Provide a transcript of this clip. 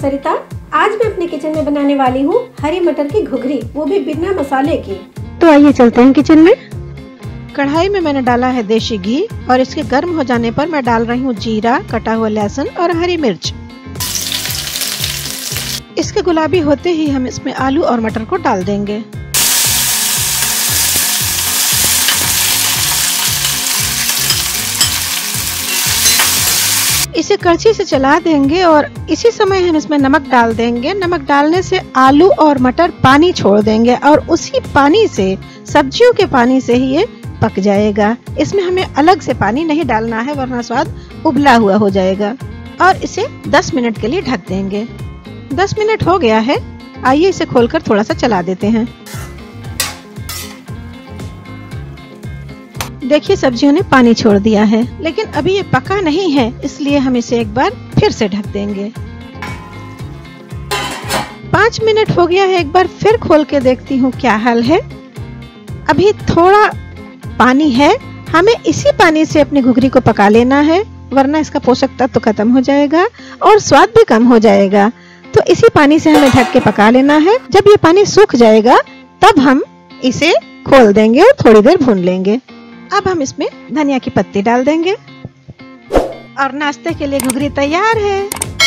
सरिता आज मैं अपने किचन में बनाने वाली हूँ हरी मटर की घुघरी वो भी बिना मसाले की तो आइए चलते हैं किचन में कढ़ाई में मैंने डाला है देसी घी और इसके गर्म हो जाने पर मैं डाल रही हूँ जीरा कटा हुआ लहसुन और हरी मिर्च इसके गुलाबी होते ही हम इसमें आलू और मटर को डाल देंगे इसे कड़छी से चला देंगे और इसी समय हम इसमें नमक डाल देंगे नमक डालने से आलू और मटर पानी छोड़ देंगे और उसी पानी से सब्जियों के पानी से ही ये पक जाएगा इसमें हमें अलग से पानी नहीं डालना है वरना स्वाद उबला हुआ हो जाएगा और इसे 10 मिनट के लिए ढक देंगे 10 मिनट हो गया है आइए इसे खोलकर थोड़ा सा चला देते हैं देखिए सब्जियों ने पानी छोड़ दिया है लेकिन अभी ये पका नहीं है इसलिए हम इसे एक बार फिर से ढक देंगे पाँच मिनट हो गया है एक बार फिर खोल के देखती हूँ क्या हाल है अभी थोड़ा पानी है हमें इसी पानी से अपनी घुघरी को पका लेना है वरना इसका पोषक तत्व तो खत्म हो जाएगा और स्वाद भी कम हो जाएगा तो इसी पानी से हमें ढक के पका लेना है जब ये पानी सूख जाएगा तब हम इसे खोल देंगे और थोड़ी देर भून लेंगे अब हम इसमें धनिया की पत्ती डाल देंगे और नाश्ते के लिए घुघरी तैयार है